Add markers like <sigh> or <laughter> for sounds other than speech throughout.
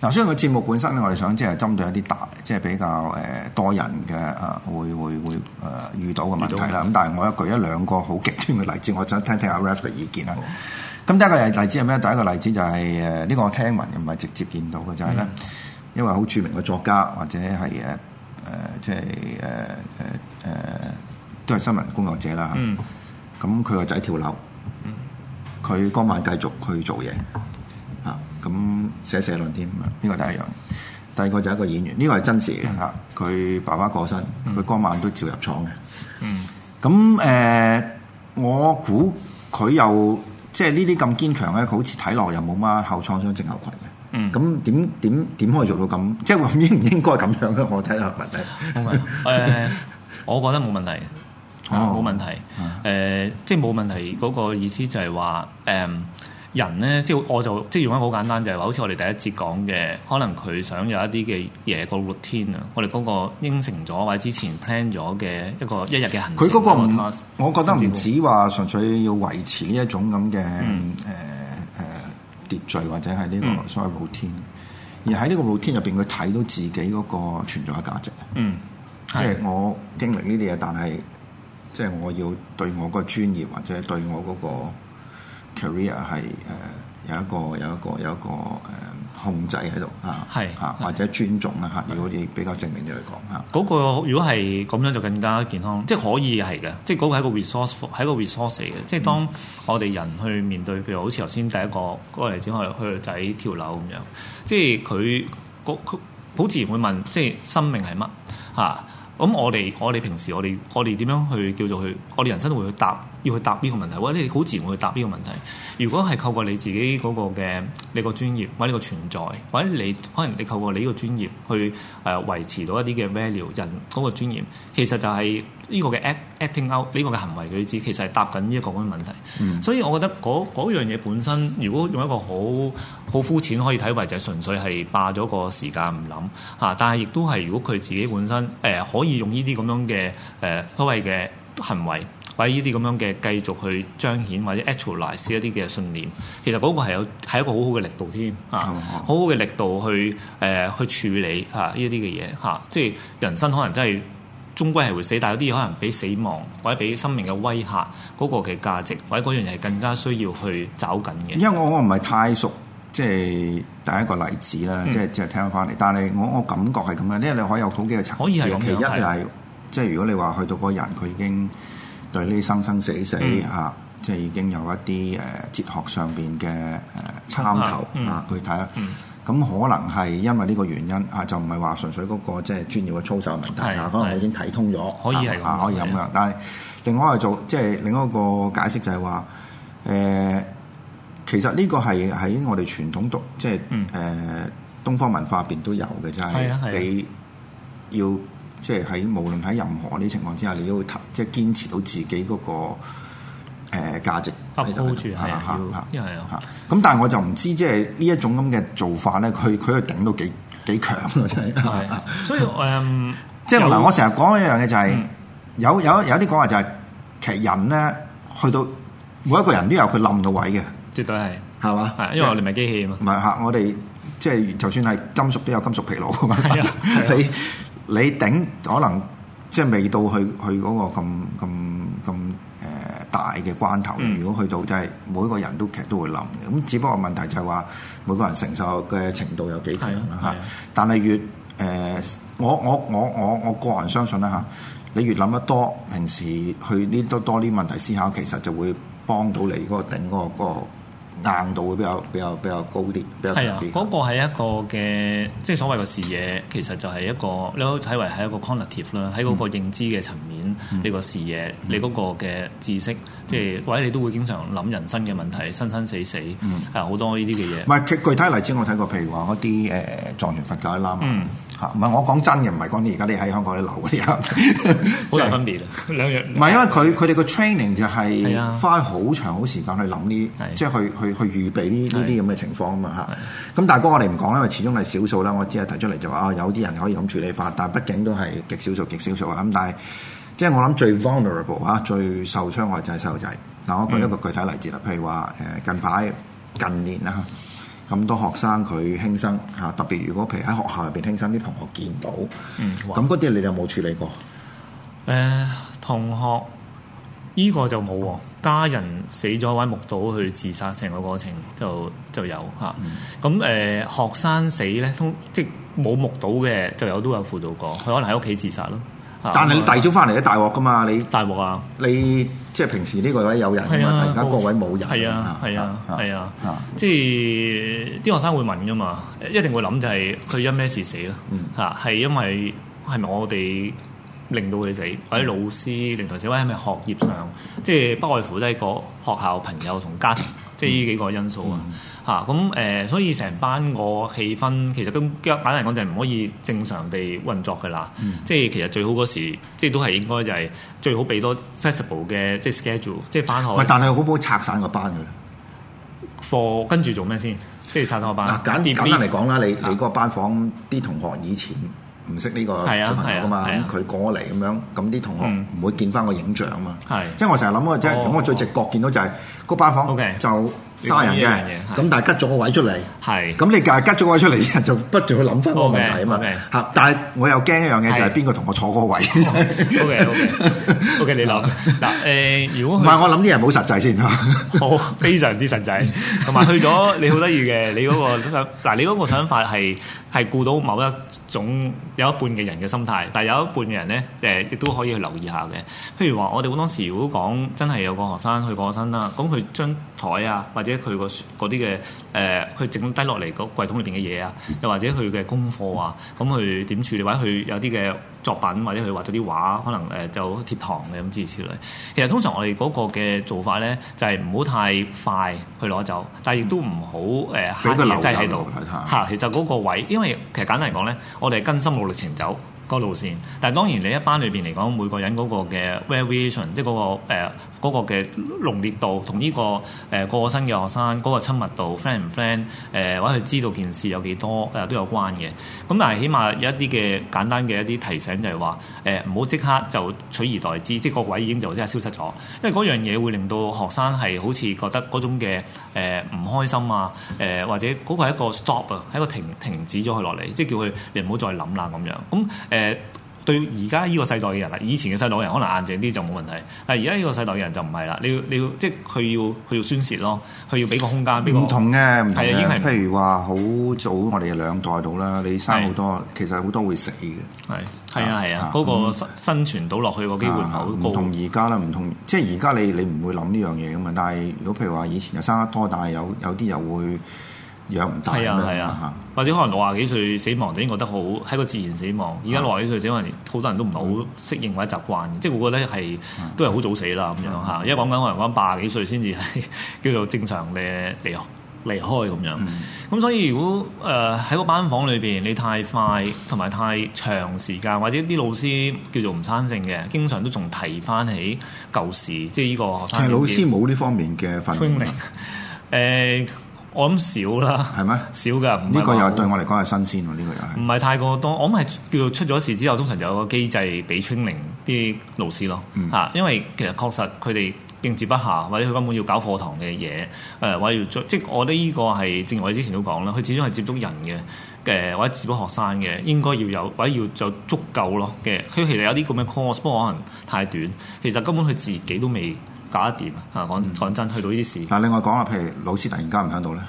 嗱，雖然個節目本身咧，我哋想即係針對一啲大，即、就、係、是、比較誒、呃、多人嘅啊，會會會誒、呃、遇到嘅問題啦。咁但係我一舉一兩個好極端嘅例子，我想聽聽阿 Ralph 嘅意見啦。咁好 第一個例子係咩？第一個例子就係誒呢個我聽聞，唔係直接見到嘅就係、是、咧，嗯、因為好著名嘅作家或者係誒誒即係誒誒誒都係新聞工作者啦。咁佢個仔跳樓，佢嗰晚繼續去做嘢。咁寫社論添，呢個第一樣。第二個就係一個演員，呢個係真實嘅。佢爸爸過身，佢嗰晚都照入廠嘅。咁誒、嗯呃，我估佢又即係呢啲咁堅強咧，好似睇落又冇乜後創傷症後群。嘅、嗯。咁點點點可以做到咁？即係話應唔應該咁樣咧？我睇下問題。我覺得冇問題，冇問題。誒，即係冇問題嗰個意思就係話誒。嗯人咧，即係我就即係用一個好簡單，就係話，好似我哋第一節講嘅，可能佢想有一啲嘅嘢個 routine 啊，我哋嗰個應承咗或者之前 plan 咗嘅一個一日嘅行程。佢嗰個，個 task，我覺得唔止話純粹要維持呢一種咁嘅誒誒秩序或者係呢個所謂 routine，嗯，而喺呢個 routine 入邊，佢睇到自己嗰個存在嘅價值。嗯，即係我經歷呢啲嘢，但係即係我要對我個專業或者對我嗰個。career 係、呃、有一個有一個有一個誒控制喺度啊，嚇是或者尊重啦嚇，啊、是如果你比較正面啲嚟講嚇，嗰個如果係咁樣就更加健康，即係是可以係嘅，即係嗰個係一個 resource，係一個 resource 嚟嘅。即、就、係、是、當我哋人去面對，譬如好似頭先第一個嗰個例子，我佢個仔跳樓咁樣，即係佢佢好自然會問，即、就、係、是、生命係乜嚇？咁、啊、我哋我哋平時我哋我哋點樣去叫做去，我哋人生會去答。要去答呢個問題？或者你好自然會去答呢個問題？如果係透過你自己嗰個嘅你個專業，或者你個存在，或者你可能你透過你呢個專業去誒、呃、維持到一啲嘅 value，人嗰個專業其實就係呢個嘅 acting out，呢個嘅行為舉止，其實係答緊呢一個咁嘅問題。嗯，所以我覺得嗰樣嘢本身，如果用一個好好膚淺可以睇為就係、是、純粹係霸咗個時間唔諗嚇，但係亦都係如果佢自己本身誒、呃、可以用呢啲咁樣嘅誒、呃、所謂嘅行為。或者呢啲咁樣嘅繼續去彰顯或者 actualize 一啲嘅信念，其實嗰個係有係一個好好嘅力度添啊，嗯、好好嘅力度去誒、呃、去處理啊呢一啲嘅嘢嚇，即係人生可能真係終歸係會死，但係有啲可能比死亡或者比生命嘅威嚇嗰個嘅價值或者嗰樣嘢更加需要去找緊嘅。因為我我唔係太熟，即係第一個例子啦，即係即係聽翻嚟。但係我我感覺係咁樣，因為你可以有好幾個層次。可以其一就係即係如果你話去到個人，佢已經。對呢生生死死嚇，即係已經有一啲誒哲學上邊嘅誒參透啊，去睇下。咁可能係因為呢個原因啊，就唔係話純粹嗰個即係專業嘅操守問題啊。可能佢已經睇通咗，可以係可以咁樣。但係另外做即係另一個解釋就係話誒，其實呢個係喺我哋傳統東即係誒東方文化入邊都有嘅，就係你要。即係喺無論喺任何啲情況之下，你都會即係堅持到自己嗰個誒價值喺度，係啊，係啊，咁但係我就唔知即係呢一種咁嘅做法咧，佢佢係頂到幾幾強咯，真係。所以誒，即係嗱，我成日講一樣嘢，就係，有有有啲講話就係，其實人咧去到每一個人都有佢冧到位嘅，絕對係係嘛，因為我哋咪機器嘛，唔係嚇，我哋即係就算係金屬都有金屬疲勞啊嘛，你，你頂可能即係未到去去嗰個咁咁咁誒大嘅關頭，嗯、如果去到就係、是、每個人都其實都會諗嘅，咁只不過問題就係話每個人承受嘅程度有幾大嚇。啊啊、但係越誒、呃、我我我我我個人相信啦嚇、啊，你越諗得多，平時去呢多多啲問題思考，其實就會幫到你嗰個頂嗰、嗰個嗰個硬度會比較比較比較高啲，比較高啲。嗰、啊嗰個係一個嘅，即係所謂嘅視野，其實就係一個，你可以睇為係一個 cognitive 啦，喺嗰個認知嘅層面。嗯呢個、嗯、視野，嗯、你嗰個嘅知識，即係、嗯、或者你都會經常諗人生嘅問題，生生死死，係好、嗯啊、多呢啲嘅嘢。唔係，具體例子我睇過，譬如話嗰啲誒藏傳佛教啲喇嘛唔係我講真嘅，唔係講你而家你喺香港啲流嗰啲，好大分別啊，兩樣。 <laughs> 唔係因為佢佢哋個 training 就係花好長好時間去諗呢，即係、啊、去去去預備呢呢啲咁嘅情況啊嘛嚇。咁大哥我哋唔講啦，因為始終係少數啦。我只係提出嚟就話啊，有啲人可以咁處理法，但係畢竟都係極少數、極少數啊。咁但係。但即係我諗最 vulnerable 嚇，最受傷害就係細路仔。嗱，我舉一個具體例子啦，譬如話誒，近排近年啦，咁多學生佢輕生嚇，特別如果譬如喺學校入邊輕生，啲同學見到，咁嗰啲你有冇處理過？誒、呃，同學依、這個就冇喎，家人死咗或目睹去自殺，成個過程就就有嚇。咁、啊、誒、嗯呃，學生死咧，通即係冇目睹嘅就有都有輔導過，佢可能喺屋企自殺咯。但係你第二朝翻嚟都大鑊噶嘛？你大鑊啊！你即係平時呢個位有人，突然間個位冇人。係啊！係啊！係啊！即係啲學生會問噶嘛，一定會諗就係佢因咩事死咯？嚇、嗯，係因為係咪我哋令到佢死？或者老師令到佢死？或者係咪學業上？即係不外乎都係個學校、朋友同家庭，即係呢幾個因素啊！嗯嗯嚇，咁誒，所以成班個氣氛其實咁簡單嚟講就係唔可以正常地運作嘅啦。即係其實最好嗰時，即係都係應該就係最好俾多 flexible 嘅即係 schedule，即係班學。但係好唔好拆散個班嘅咧？課跟住做咩先？即係拆散個班。嗱，簡簡單嚟講啦，你你嗰個班房啲同學以前唔識呢個小朋友噶嘛，佢過嚟咁樣，咁啲同學唔會見翻個影像啊嘛。係，即係我成日諗啊，即係我最直覺見到就係個班房就。三人嘅，咁但係吉咗個位出嚟。係，咁你隔日吉咗個位出嚟，就不斷去諗翻嗰個問題啊嘛，嚇！但係我又驚一樣嘢就係邊個同我坐個位？O K O K O K，你諗。嗱誒，如果唔係我諗啲人冇實際先嚇，好非常之實際，同埋去咗你好得意嘅，你嗰個嗱你嗰個想法係係顧到某一種有一半嘅人嘅心態，但係有一半嘅人咧誒亦都可以去留意下嘅，譬如話我哋好多時如果講真係有個學生去過身啦，咁佢張台啊或者佢個嗰啲嘅誒，佢整低落嚟個櫃桶裏邊嘅嘢啊，又或者佢嘅功課啊，咁佢點處理？或者佢有啲嘅。作品或者佢畫咗啲畫可能誒就貼堂嘅咁之類。其實通常我哋個嘅做法咧，就係唔好太快去攞走，嗯、但係亦都唔好誒刻意擠喺度吓其實個位、嗯，因為其實簡單嚟講咧，我哋係跟心路歷程走個路線，但係當然你一班裏邊嚟講每個人個 ason、嗰個嘅 variation，即係個誒個嘅濃烈度，同呢、呢個誒、呃、個新嘅學生、嗰個親密度 friend 唔 friend 誒、呃、或者佢知道件事有幾多誒、呃、都有關嘅。咁但係起碼有一啲嘅簡單嘅一啲提醒、oui。就係話誒，唔好即刻就取而代之，即係個位已經就即係消失咗，因為嗰樣嘢會令到學生係好似覺得嗰種嘅誒唔開心啊，誒或者嗰個係一個 stop 啊，係一個停停止咗佢落嚟，即係叫佢你唔好再諗啦咁樣。咁誒對而家呢個世代嘅人啦，以前嘅世代嘅人可能硬淨啲就冇問題，但係而家呢個世代嘅人就唔係啦。你要你要即係佢要佢要宣泄咯，佢要俾個空間。唔同嘅係啊，已經係譬如話好早我哋嘅兩代到啦，你生好多，對其實好多會死嘅。係。係啊，係啊，嗰個生生存到落去個機會好高，嗯。唔同而家啦，唔同即係而家你你唔會諗呢樣嘢咁啊。啊但係如果譬如話以前就生得多，但係有有啲又會養唔大咧。係啊，係啊，啊或者可能六廿幾歲死亡就已經覺得好喺個自然死亡。而家六廿幾歲死亡，好多人都唔係好適應或者習慣嘅，嗯、即係我覺得係都係好早死啦咁、嗯、樣嚇。而家講緊可能講，八廿幾歲先至係叫做正常嘅理由。離開咁樣，咁、嗯嗯、所以如果誒喺、呃、個班房裏邊，你太快同埋太長時間，或者啲老師叫做唔生性嘅，經常都仲提翻起舊事，即係呢個學生。係老師冇呢方面嘅訓練。誒、呃，我諗少啦，係咩嗎？少㗎，呢個又對我嚟講係新鮮喎，呢、這個又係。唔係太過多，我諗係叫做出咗事之後，通常就有個機制俾 training 啲老師咯，嚇、嗯，因為其實確實佢哋。堅持不下，或者佢根本要搞課堂嘅嘢，誒、呃、或者要做即係我哋呢個係正如我哋之前都講啦，佢始終係接觸人嘅，誒、呃、或者接觸學生嘅，應該要有或者要就足夠咯嘅。佢其實有啲咁嘅 course，不過可能太短，其實根本佢自己都未搞得掂啊！講講真，去到呢啲事。但另外講下，譬如老師突然間唔喺度咧，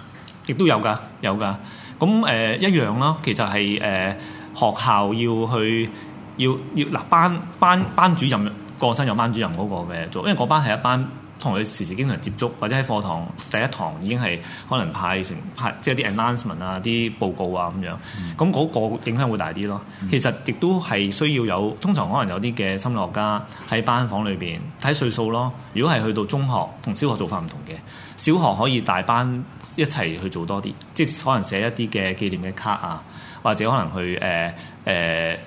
亦都有㗎，有㗎。咁誒、呃、一樣啦，其實係誒、呃、學校要去要要嗱、呃、班班班主任。過身有班主任嗰個嘅做，因為嗰班係一班同佢時時經常接觸，或者喺課堂第一堂已經係可能派成派，即係啲 announcement 啊，啲報告啊咁樣。咁嗰個影響會大啲咯。其實亦都係需要有，通常可能有啲嘅心理學家喺班房裏邊睇歲數咯。如果係去到中學同小學做法唔同嘅，小學可以大班一齊去做多啲，即係可能寫一啲嘅紀念嘅卡啊，或者可能去誒誒。呃呃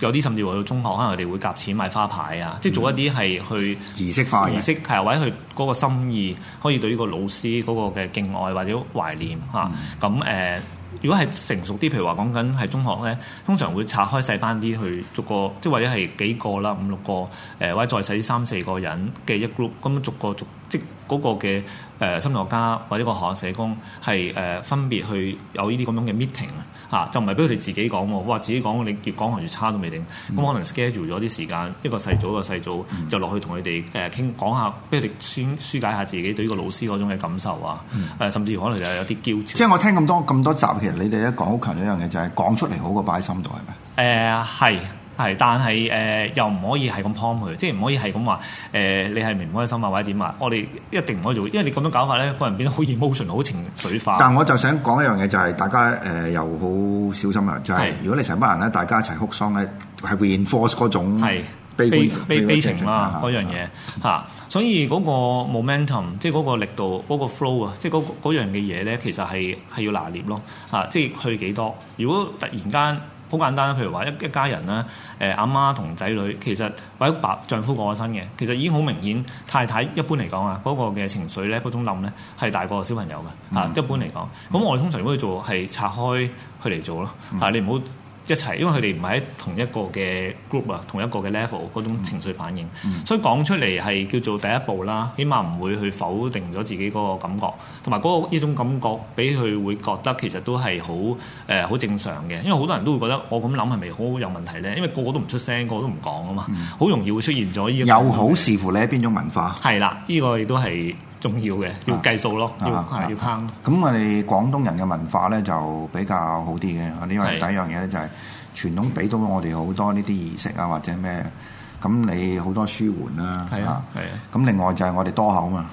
有啲甚至去到中學，可能佢哋會夾錢買花牌啊，即係、嗯、做一啲係去儀式化、儀式，係或者佢嗰個心意，可以對呢個老師嗰個嘅敬愛或者懷念嚇。咁誒、嗯啊，如果係成熟啲，譬如話講緊係中學咧，通常會拆開細班啲去逐個，即係或者係幾個啦，五六個誒，或者再細三四個人嘅一 group，咁逐個逐即係嗰個嘅誒心理學家或者個學校社工係誒、呃、分別去有呢啲咁樣嘅 meeting 嚇、啊、就唔係俾佢哋自己講喎，哇！自己講你越講可能越差都未定，咁、嗯、可能 schedule 咗啲時間，一個細組一個細組、嗯、就落去同佢哋誒傾講，講下，俾佢哋舒舒解下自己對呢個老師嗰種嘅感受、嗯、啊，誒甚至可能就有啲焦灼。即係我聽咁多咁多集，其實你哋咧講好強一樣嘢、就是，就係講出嚟好過擺心度係咪？誒係。呃係，但係誒、呃、又唔可以係咁 point 佢，即係唔可以係咁話誒你係唔開心啊或者點啊？我哋一定唔可以做，因為你咁樣搞法咧，個人變得好 emotional，好情緒化。但我就想講一樣嘢、就是，就係大家誒、呃、又好小心啊！就係、是、是如果你成班人咧，大家一齊哭喪咧，係會 reinforce 嗰種悲悲悲情嘛嗰樣嘢嚇，所以嗰個 momentum 即係嗰個力度、嗰、那個 flow 啊、那個，即係嗰樣嘅嘢咧，其實係係要拿捏咯嚇，即、就、係、是、去幾多？如果突然間。好簡單，譬如話一一家人啦，誒阿媽同仔女，其實或者爸丈夫過身嘅，其實已經好明顯，太太一般嚟講啊，嗰個嘅情緒咧，嗰種冧咧係大過小朋友嘅嚇，嗯、一般嚟講，咁、嗯、我哋通常都會做係拆開佢嚟做咯嚇，嗯、你唔好。一齊，因為佢哋唔係同一個嘅 group 啊，同一個嘅 level 嗰種情緒反應，嗯、所以講出嚟係叫做第一步啦，起碼唔會去否定咗自己嗰個感覺，同埋嗰個呢種感覺俾佢會覺得其實都係好誒好正常嘅，因為好多人都會覺得我咁諗係咪好有問題咧？因為個個都唔出聲，個個都唔講啊嘛，好、嗯、容易會出現咗呢。又好視乎你喺邊種文化。係啦，呢、呢個亦都係，重要嘅，要計數咯，啊、要要慳。咁我哋廣東人嘅文化咧就比較好啲嘅，因為第一樣嘢咧就係、係、係傳統俾到我哋好多呢啲儀式啊或者咩，咁你好多舒緩啦，係啊，係啊，咁另外就係我哋多口嘛。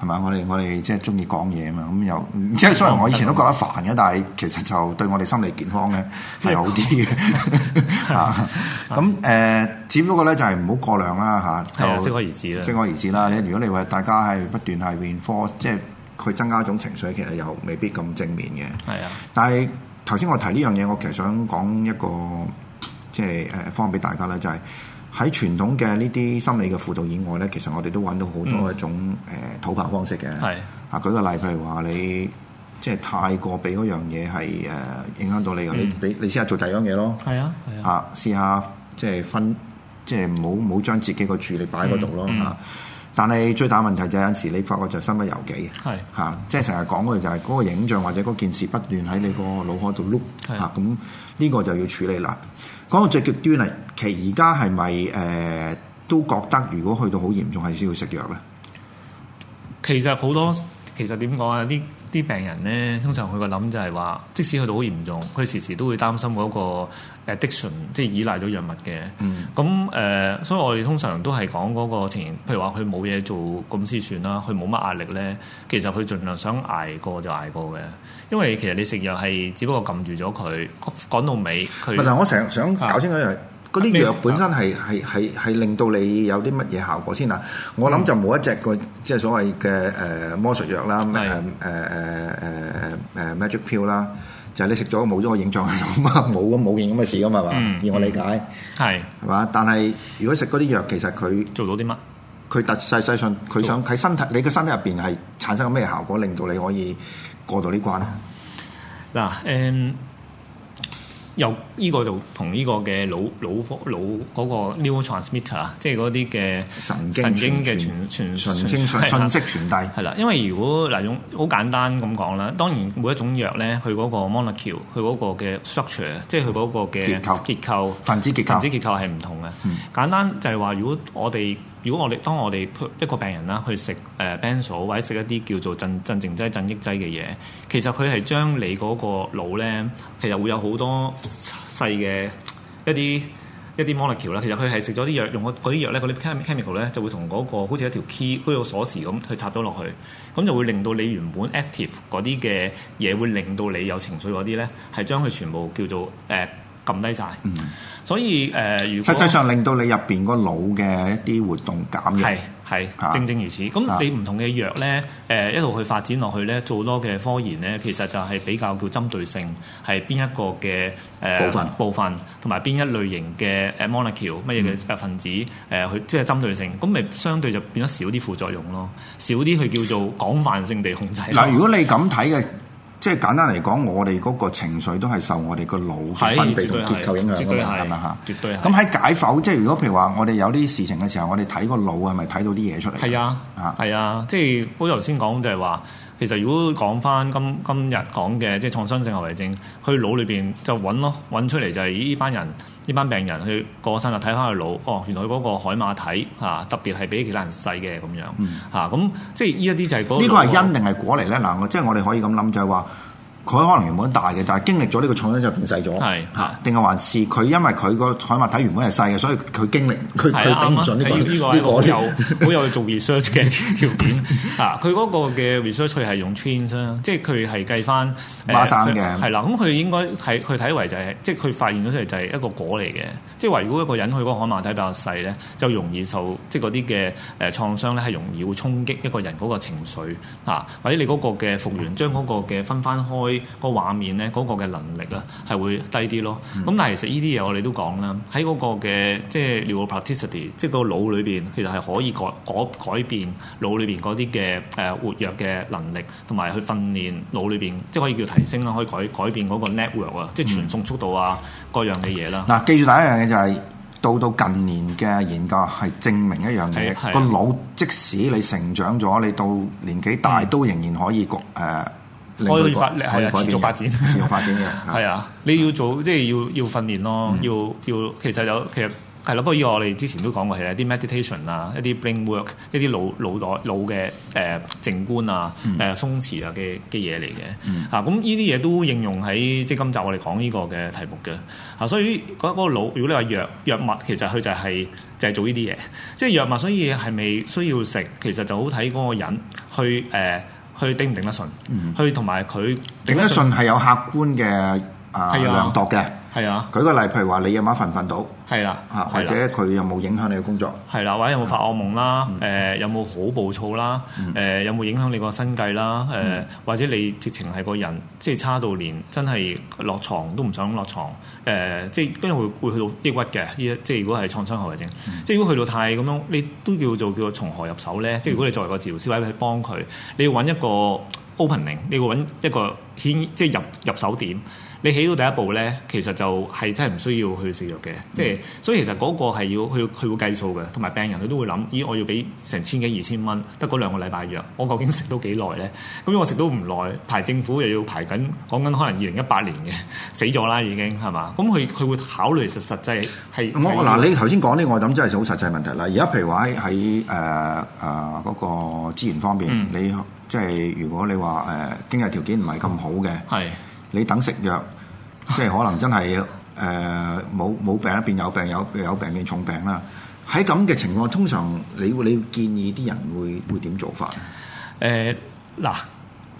係咪？我哋我哋即係中意講嘢啊嘛，咁又即係雖然我以前都覺得煩嘅，嗯、但係其實就對我哋心理健康咧係好啲嘅。咁誒，只不過咧就係唔好過量啦，吓的，就適可而止啦，適可而止啦。你如果你話大家係不斷係 reinforce，即係佢增加一種情緒，其實又未必咁正面嘅。係啊的，但係頭先我提呢樣嘢，我其實想講一個即係誒，放俾大家咧就係、是。喺傳統嘅呢啲心理嘅輔導以外咧，其實我哋都揾到好多一種誒討辦方式嘅。係啊、嗯，舉個例，譬如話你即係太過俾嗰樣嘢係誒影響到你嘅、嗯，你俾你試下做第二樣嘢咯。係、嗯、啊，係啊。啊，試下即係分，即係唔好將自己個注意力擺喺嗰度咯嚇。嗯、但係最大問題就係、是、有陣時你發覺就身不由己嘅。係、嗯啊、即係成日講嘅就係、是、嗰個影像或者嗰件事不斷喺你個腦海度碌嚇咁。嗯呢個就要處理啦。講到最極端啊，其實而家係咪誒都覺得如果去到好嚴重係需要食藥咧？其實好多。其實點講啊？啲啲病人咧，通常佢個諗就係話，即使去到好嚴重，佢時時都會擔心嗰個 addiction，即係依賴咗藥物嘅。咁誒、嗯呃，所以我哋通常都係講嗰個情形，譬如話佢冇嘢做咁先算啦。佢冇乜壓力咧，其實佢儘量想捱過就捱過嘅。因為其實你食藥係只不過撳住咗佢，講到尾佢。唔我成日想搞清楚係。嗰啲藥本身係係係係令到你有啲乜嘢效果先啊？我諗就冇一隻個即係、就是、所謂嘅誒、呃、魔術藥啦，誒誒誒誒、呃、誒誒、呃呃呃呃、magic pill 啦，就係你食咗冇咗個影像冇咁冇影咁嘅事噶嘛嘛，嗯、以我理解係係嘛？但係如果食嗰啲藥，其實佢做到啲乜？佢實際上佢想喺身體你個身體入邊係產生咩效果，令到你可以過到呢關？嗱誒、啊。嗯又呢、這個就同呢個嘅腦腦腦嗰個 neurotransmitter 啊，即係嗰啲嘅神經嘅傳傳訊息傳遞係啦。因為如果嗱種好簡單咁講啦，當然每一種藥咧，佢嗰個 molecule，佢嗰個嘅 structure，即係佢嗰個嘅結構結構分子結構係唔同嘅。簡單就係話，如果我哋如果我哋當我哋一個病人啦，去食誒、uh, benzo 或者食一啲叫做鎮鎮靜劑、鎮抑劑嘅嘢，其實佢係將你嗰個腦咧，其實會有好多細嘅一啲一啲 molecule 啦，其實佢係食咗啲藥，用嗰啲藥咧，嗰啲 chemical 咧就會同嗰、嗰個好似一條 key，好似鎖匙咁去插咗落去，咁就會令到你原本 active 嗰啲嘅嘢會令到你有情緒嗰啲咧，係將佢全部叫做誒。Uh, 撳低曬，嗯、所以誒，呃、如實際上令到你入邊個腦嘅一啲活動減弱，係係，啊、正正如此。咁你唔同嘅藥咧，誒、呃、一路去發展落去咧，做多嘅科研咧，其實就係比較叫針對性，係邊一個嘅誒、呃、部分，部分同埋邊一類型嘅誒 monocle 乜嘢嘅百分子誒去、嗯呃，即係針對性，咁咪相對就變咗少啲副作用咯，少啲佢叫做廣泛性地控制。嗱、呃，如果你咁睇嘅。即係簡單嚟講，我哋嗰個情緒都係受我哋個腦嘅分泌同結構影響嘅原因啦嚇。絕對。咁喺解剖，即係如果譬如話，我哋有啲事情嘅時候，我哋睇個腦係咪睇到啲嘢出嚟？係啊，啊，係啊，即係好頭先講就係話，其實如果講翻今今日講嘅即係創傷性後遺症，去腦裏邊就揾咯，揾出嚟就係呢班人。呢班病人去過身睇翻佢腦，哦，原來佢嗰個海馬體嚇、啊、特別係比其他人細嘅咁樣嚇，咁、嗯啊、即係呢一啲就係嗰個。呢個係因定係果嚟咧？嗱，我即係我哋可以咁諗，就係、是、話。佢可能原本大嘅，但係經歷咗呢個創傷就變細咗，嚇的，定係還是佢因為佢個海馬體原本係細嘅，所以佢經歷佢佢頂唔順呢個呢、啊、個有我 <laughs> 有做 research 嘅條件嚇，佢嗰、 <laughs> 啊、個嘅 research 係用 twins 啦、呃就是，即係佢係計翻孖生嘅，係啦，咁佢應該睇佢睇為就係即係佢發現咗出嚟就係一個果嚟嘅，即係話如果一個人佢個海馬體比較細咧，就容易受即係嗰啲嘅誒創傷咧，係容易會衝擊一個人嗰個情緒嚇、啊，或者你嗰個嘅復原將嗰個嘅分翻開。個畫面咧，嗰、那個嘅能力啊，係會低啲咯。咁、嗯、但係其實呢啲嘢我哋都講啦，喺嗰個嘅即係腦的 neuroplasticity 即係個腦裏邊其實係可以改改改變腦裏邊嗰啲嘅誒活躍嘅能力，同埋去訓練腦裏邊，即係可以叫提升啦，可以改改變嗰個 network 啊，即係傳送速度啊，嗯、各樣嘅嘢啦。嗱、嗯啊，記住第一樣嘢就係、是、到到近年嘅研究係證明一樣嘢，個腦即使你成長咗，你到年紀大都仍然可以改、呃可以 <music> 發力係啊，持續發展，持續發展嘅係啊，你要做 <music> 即係要要訓練咯，嗯、要要其實有其實係咯、啊，不過以我哋之前都講過係咧，啲 meditation 啊，一啲 brain work，一啲腦腦袋腦嘅誒靜觀、呃嗯、啊，誒鬆弛啊嘅嘅嘢嚟嘅嚇，咁呢啲嘢都應用喺即係今集我哋講呢個嘅題目嘅嚇、啊，所以嗰嗰、個腦如果你話藥藥物其實佢就係、是、就係、是、做呢啲嘢，即、就、係、是、藥物，所以係咪需要食其實就好睇嗰個人去誒。呃去頂唔頂得順，去同埋佢頂得順係有客觀嘅啊、呃、的量度嘅。係啊，舉個例，譬如話你夜晚瞓唔瞓到？係啦、啊，嚇、啊、或者佢有冇影響你嘅工作？係啦、啊，或者有冇發惡夢啦？誒、嗯呃、有冇好暴躁啦？誒、嗯呃、有冇影響你個身計啦？誒、呃、或者你直情係個人，即係差到連真係落床都唔想落床，誒、呃、即係跟住會會去到抑鬱嘅，依即係如果係創傷後遺症，嗯、即係如果去到太咁樣，你都叫做叫做從何入手咧？嗯、即係如果你作為個治療師，話去幫佢，你要揾一個 opening，你要揾一個天，即係入入手點。你起到第一步咧，其實就係真係唔需要去食藥嘅，嗯、即係所以其實嗰個係要去佢會計數嘅，同埋病人佢都會諗，咦我要俾成千幾二千蚊，得嗰兩個禮拜藥，我究竟食到幾耐咧？咁我食到唔耐，排政府又要排緊，講緊可能二零一八年嘅死咗啦已經係嘛？咁佢佢會考慮實實際係我嗱，嗯、你頭先講呢，我諗真係好實際問題啦。而家譬如話喺喺誒誒嗰個資源方面，嗯、你即係如果你話誒經濟條件唔係咁好嘅，係、嗯。你等食藥，即係可能真係誒冇冇病變有病有有病變重病啦。喺咁嘅情況，通常你你會建議啲人會會點做法咧？呃、嗱，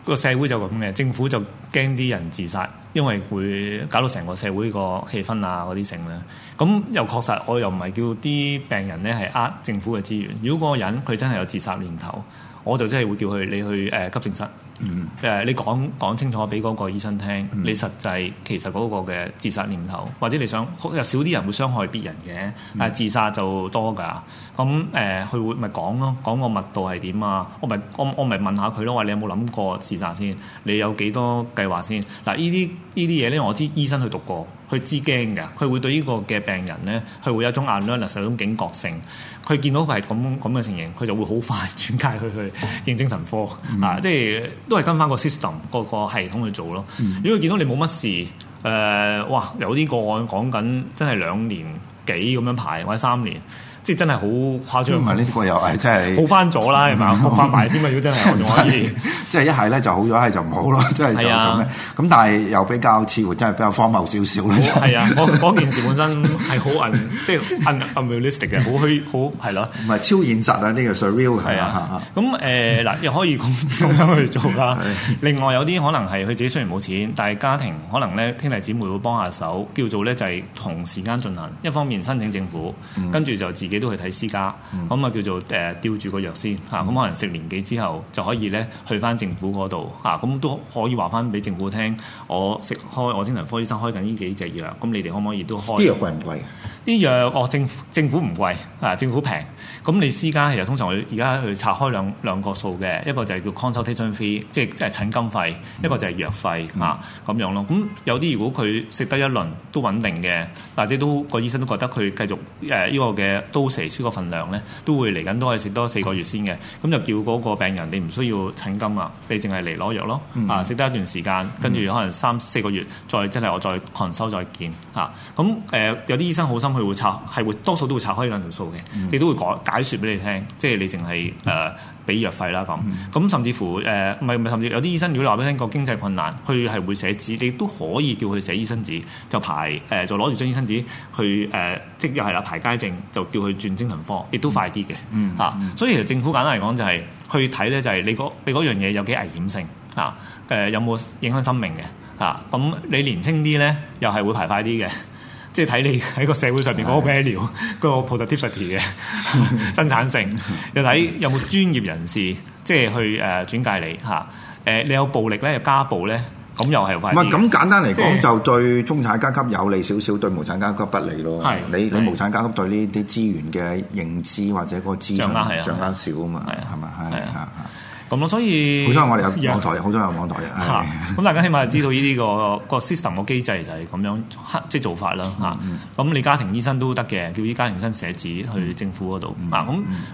個社會就咁嘅，政府就驚啲人自殺，因為會搞到成個社會個氣氛啊嗰啲剩啦。咁又確實，我又唔係叫啲病人咧係呃政府嘅資源。如果個人佢真係有自殺念頭，我就真係會叫佢你去誒急症室。誒，嗯、你講講清楚俾嗰個醫生聽，嗯、你實際其實嗰個嘅自殺念頭，或者你想有少啲人會傷害別人嘅，嗯、但係自殺就多㗎。咁誒，佢會咪講咯，講個密度係點啊？我咪我我咪問下佢咯，話你有冇諗過自殺先？你有幾多計劃先？嗱，呢啲呢啲嘢咧，我知醫生去讀過。佢知驚㗎，佢會對呢個嘅病人咧，佢會有一種 alertness，有種警覺性。佢見到佢係咁咁嘅情形，佢就會好快轉介佢去，去認精神科、mm hmm. 啊！即係都係跟翻個 system 嗰個系統去做咯。如果佢見到你冇乜事，誒、呃，哇，有啲個案講緊真係兩年幾咁樣排，或者三年。即係真係好誇張。唔呢個又係真係好翻咗啦，係咪好翻埋添啊！如果真係我仲可以，即係一係咧就好咗，一係就唔好咯。即係咁但係又比較似乎真係比較荒謬少少咯。係啊，嗰件事本身係好 un 即係 unrealistic 嘅，好虛好係咯。唔係超現實啊！呢個 surreal 係啊。咁誒嗱，又可以咁咁樣去做啦。另外有啲可能係佢自己雖然冇錢，但係家庭可能咧兄弟姊妹會幫下手，叫做咧就係同時間進行。一方面申請政府，跟住就自己都去睇私家，咁啊、嗯、叫做誒，吊、uh, 住個藥先嚇，咁、啊嗯啊、可能食年幾之後就可以咧去翻政府嗰度嚇，咁、啊啊啊、都可以話翻俾政府聽，我食開，我精神科醫生開緊呢幾隻藥。咁你哋可唔可以都開？啲藥貴唔貴？啲藥哦，政府政府唔貴啊，政府平。咁你私家又通常會而家去拆開兩兩個數嘅，一個就係叫 consultation fee，即係即係診金費；嗯、一個就係藥費嚇咁樣咯。咁有啲如果佢食得一輪都穩定嘅，但係即都個醫生都覺得佢繼續誒、呃這個、呢個嘅都 dosage 個份量咧，都會嚟緊都可以食多四個月先嘅。咁就叫嗰個病人你唔需要診金啊，你淨係嚟攞藥咯。嗯、啊，食得一段時間，跟住可能三四個月再即係我再 con t r 收再見嚇。咁誒有啲醫生好心。佢會拆，係會多數都會拆開呢兩條數嘅，你、嗯、都會改解説俾你聽，即、就、係、是、你淨係誒俾藥費啦咁。咁、嗯、甚至乎誒唔係唔係，甚至有啲醫生如果你話俾你聽個經濟困難，佢係會寫紙，你都可以叫佢寫醫生紙，就排誒、呃、就攞住張醫生紙去誒，即、呃就是、又係啦，排街症就叫佢轉精神科，亦都快啲嘅嚇。嗯嗯嗯、所以其實政府簡單嚟講就係、是、去睇咧，就係你嗰你嗰樣嘢有幾危險性嚇誒、呃呃，有冇影響生命嘅嚇？咁、啊嗯、你年輕啲咧，又係會排快啲嘅。嗯即係睇你喺個社會上邊嗰個 value、嗰個 positivity 嘅生產性，又睇有冇專業人士即係去誒轉介你嚇。誒，你有暴力咧，又家暴咧，咁又係快啲。咁簡單嚟講，就對中產階級有利少少，對無產階級不利咯。係你你無產階級對呢啲資源嘅認知或者嗰個資產係啊，漲翻少啊嘛，係咪係？咁咯，所以好多我哋有網台，弱好多人有網台嘅嚇。咁弱、哎、大家起碼知道呢啲個 <laughs> 個 system 個機制就係咁樣，即、就、係、是、做法啦嚇。咁、嗯、你家庭醫生都得嘅，叫啲家庭醫生寫紙去政府嗰度、嗯嗯、啊。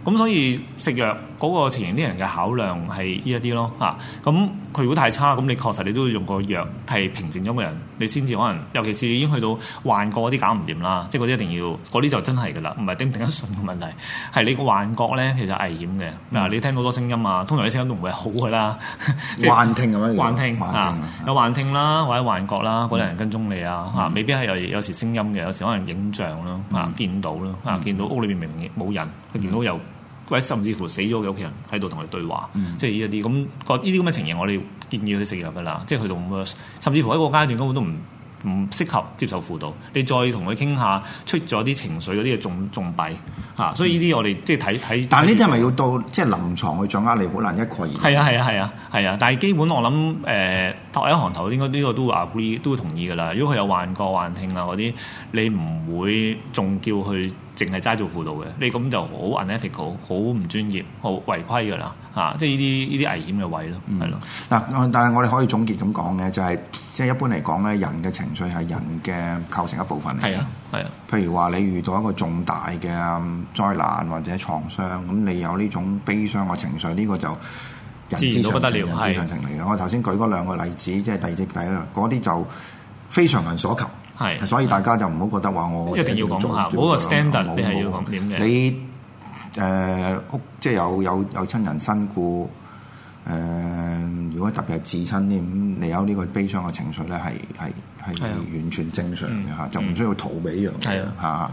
咁咁所以食藥嗰、那個情形啲人嘅考量係呢一啲咯嚇。咁、啊、佢如果太差，咁你確實你都要用個藥係平靜咗嘅人，你先至可能。尤其是已經去到幻覺嗰啲搞唔掂啦，即係嗰啲一定要嗰啲就真係㗎啦，唔係頂唔頂得順嘅問題。係你個幻覺咧，其實危險嘅嗱、啊。你聽好多聲音啊，通常都唔會好噶啦， <laughs> 就是、幻聽咁樣樣啊，有幻聽啦，或者幻覺啦，嗰啲、嗯、人跟蹤你啊，嗯、啊，未必係有有時聲音嘅，有時可能影像啦，嗯、啊，見到啦，嗯、啊，見到屋裏面明冇人，佢、嗯、見到有，或者甚至乎死咗嘅屋企人喺度同佢對話，嗯、即係依一啲咁個呢啲咁嘅情形，我哋建議佢食藥噶啦，即係去到，甚至乎喺個階段根本都唔。唔適合接受輔導，你再同佢傾下出咗啲情緒嗰啲嘢，仲仲弊嚇、嗯啊，所以呢啲我哋即係睇睇。但係呢啲係咪要到即係臨床去掌握你，好難一概而。係啊係啊係啊係啊，但係基本我諗誒，託、呃、一行頭應該呢個都會 agree，都同意㗎啦。如果佢有幻覺、幻聽啊嗰啲，你唔會仲叫佢。淨係齋做輔導嘅，你咁就好 unethical，好唔專業，好違規噶啦吓！即係呢啲依啲危險嘅位咯，係咯。嗱、嗯，但係我哋可以總結咁講嘅就係、係，即係一般嚟講咧，人嘅情緒係人嘅構成一部分嚟。係啊，係啊。譬如話你遇到一個重大嘅災難或者創傷，咁你有呢種悲傷嘅情緒，呢、呢個就人之常情，自然到不得了，人之常情嚟嘅。的我頭先舉嗰兩個例子，即係第二隻底啦，嗰啲就非常人所求。係，是所以大家就唔好覺得話我一定要講下，冇個 standard，沒你係要講點嘅。你誒屋即係有有有親人身故，誒、呃、如果特別係至親啲咁，你有呢個悲傷嘅情緒咧，係係係完全正常嘅嚇，啊、就唔需要逃避呢樣。係啊嚇，啊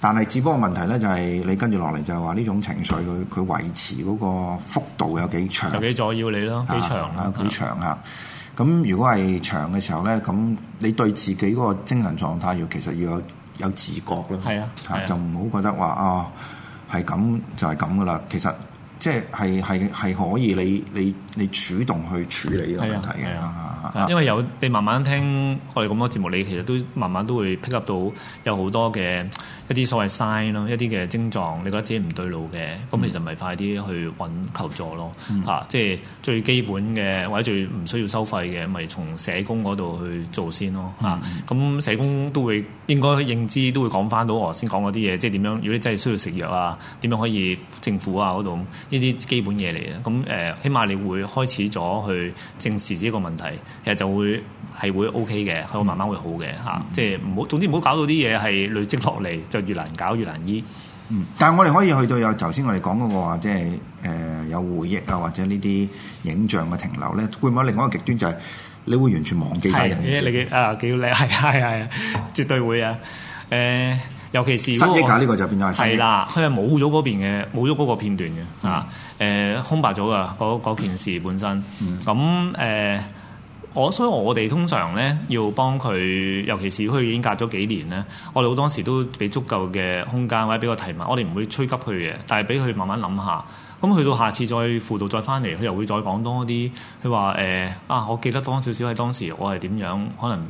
但係只不過問題咧就係、是、你跟住落嚟就係話呢種情緒佢佢維持嗰個幅度有幾長？有幾阻擾你咯？幾長啊？幾長啊？咁如果係長嘅時候咧，咁你對自己嗰個精神狀態要其實要有有自覺咯，係啊，吓、啊，就唔好覺得話啊係咁就係咁噶啦。其實即係係係係可以你你你主動去處理呢個問題嘅。吓、啊。因為有你慢慢聽我哋咁多節目，你其實都慢慢都會 pick up 到有好多嘅一啲所謂 sign 咯，一啲嘅症狀。你覺得自己唔對路嘅，咁、嗯、其實咪快啲去揾求助咯。嚇、嗯啊，即係最基本嘅或者最唔需要收費嘅，咪、就、從、是、社工嗰度去做先咯。嚇、嗯，咁、啊、社工都會應該認知都會講翻到我先講嗰啲嘢，即係點樣？如果你真係需要食藥啊，點樣可以政府啊嗰度呢啲基本嘢嚟嘅。咁、嗯、誒，起碼你會開始咗去正視呢一個問題。其實就會係會 OK 嘅，佢、嗯、慢慢會好嘅嚇。即係唔好，啊、總之唔好搞到啲嘢係累積落嚟，就越難搞越難醫。嗯，但係我哋可以去到有頭先我哋講嗰個話，即係誒有回憶啊，或者呢啲影像嘅停留咧，會唔會喺另外一個極端就係、是、你會完全忘記曬嘅？誒、啊，你嘅啊叫你係係係，絕對會啊！誒、呃，尤其是、那個、失憶㗎、啊，呢、這個就變咗係係啦，佢係冇咗嗰邊嘅，冇咗嗰個片段嘅嚇。誒、啊呃，空白咗噶嗰件事本身咁誒。嗯嗯。我所以，我哋通常咧要幫佢，尤其是佢已經隔咗幾年咧，我哋好多時都俾足夠嘅空間或者俾個提問，我哋唔會催急佢嘅，但係俾佢慢慢諗下。咁去到下次再輔導再翻嚟，佢又會再講多啲。佢話，誒、呃、啊，我記得多少少喺當時我係點樣，可能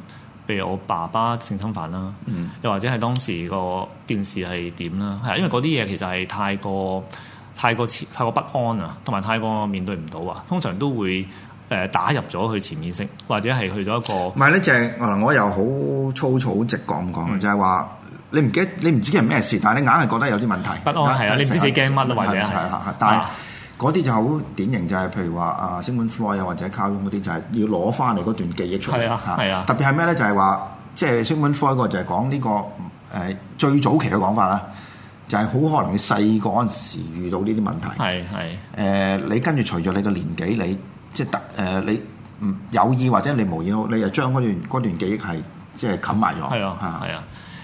譬如我爸爸性侵犯啦，嗯、又或者係當時個件事係點啦？係因為嗰啲嘢其實係太過太過切太過不安啊，同埋太過面對唔到啊。通常都會。誒打入咗去潛意識，或者係去咗一個。唔係咧，就係我又好粗粗直講講，就係話你唔記得，你唔知係咩事，但係你硬係覺得有啲問題不安係啊！你唔知自己驚乜都係啊！但係嗰啲就好典型，就係譬如話啊，Sigmund Freud 啊，或者 Carl Jung 嗰啲，就係要攞翻嚟嗰段記憶出嚟係啊！特別係咩咧？就係話即係 Sigmund Freud 嗰個，就係講呢個誒最早期嘅講法啦，就係好可能你細個嗰陣時遇到呢啲問題係係誒，你跟住隨住你嘅年紀，你即係特誒你唔、嗯、有意或者你無意，好，你又將嗰段段記憶係即係冚埋咗。係啊，係啊。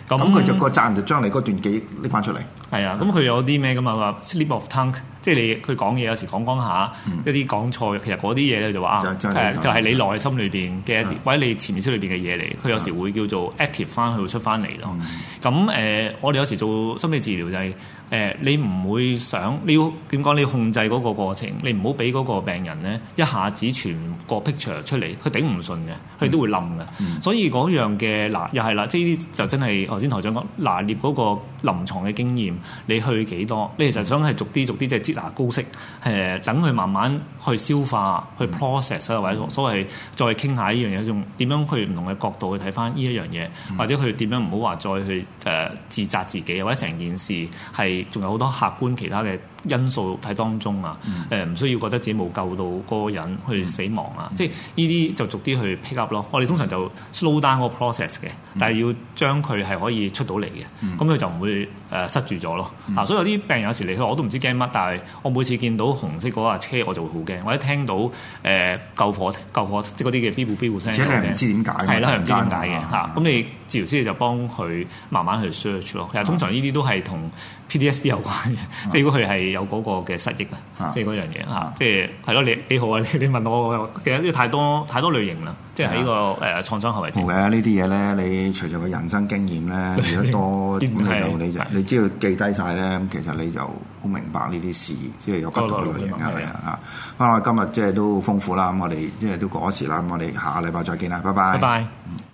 咁佢、啊嗯、就個責任就將你嗰段記憶拎翻出嚟。係啊，咁佢、嗯啊、有啲咩咁嘛話？Sleep of tongue。即係你佢講嘢有時講講下一啲講錯，其實嗰啲嘢咧就話、是、啱，誒、嗯啊、就係、是、你內心裏邊嘅、嗯、或者你潛意識裏邊嘅嘢嚟。佢有時會叫做 active 翻，佢會出翻嚟咯。咁誒、呃，我哋有時做心理治療就係、是、誒、呃，你唔會想你要點講？你要控制嗰個過程，你唔好俾嗰個病人咧一下子全個 picture 出嚟，佢頂唔順嘅，佢都會冧嘅。嗯嗯、所以嗰樣嘅嗱又係啦，即係呢啲就真係頭先台長講拿捏嗰個。臨床嘅經驗，你去幾多？你其實想係逐啲逐啲，即係擠牙膏式，誒等佢慢慢去消化，去 process 啊，或者所謂再傾下呢樣嘢，仲點樣去唔同嘅角度去睇翻呢一樣嘢，或者佢點樣唔好話再去誒自責自己，或者成件事係仲有好多客觀其他嘅。因素喺當中啊，誒唔需要覺得自己冇救到嗰個人去死亡啊，即係呢啲就逐啲去 pick up 咯。我哋通常就 slow down 個 process 嘅，但係要將佢係可以出到嚟嘅，咁佢就唔會誒塞住咗咯。嗱，所以有啲病人有時嚟，我都唔知驚乜，但係我每次見到紅色嗰架車，我就會好驚。我一聽到誒救火救火即嗰啲嘅 B 呼 B 呼聲，而且係唔知點解，係啦，係唔知點解嘅嚇。咁你治療師就幫佢慢慢去 search 咯。其實通常呢啲都係同 PTSD 有關嘅，即係如果佢係。有嗰個嘅失憶啊，即係嗰樣嘢吓，即係係咯，你幾好啊？你問我，其實呢太多太多類型啦，的即係喺個誒創傷後遺症。嘅呢啲嘢咧，你隨住個人生經驗咧，而且多咁 <laughs> 是你就你只的要知記低晒咧，咁其實你就好明白呢啲事，即、就、係、是、有咁多嘅類型啊，係啊吓。好啦、嗯，今日即係都豐富啦，咁我哋即係都過咗時啦，咁我哋下個禮拜再見啦，拜拜。拜拜。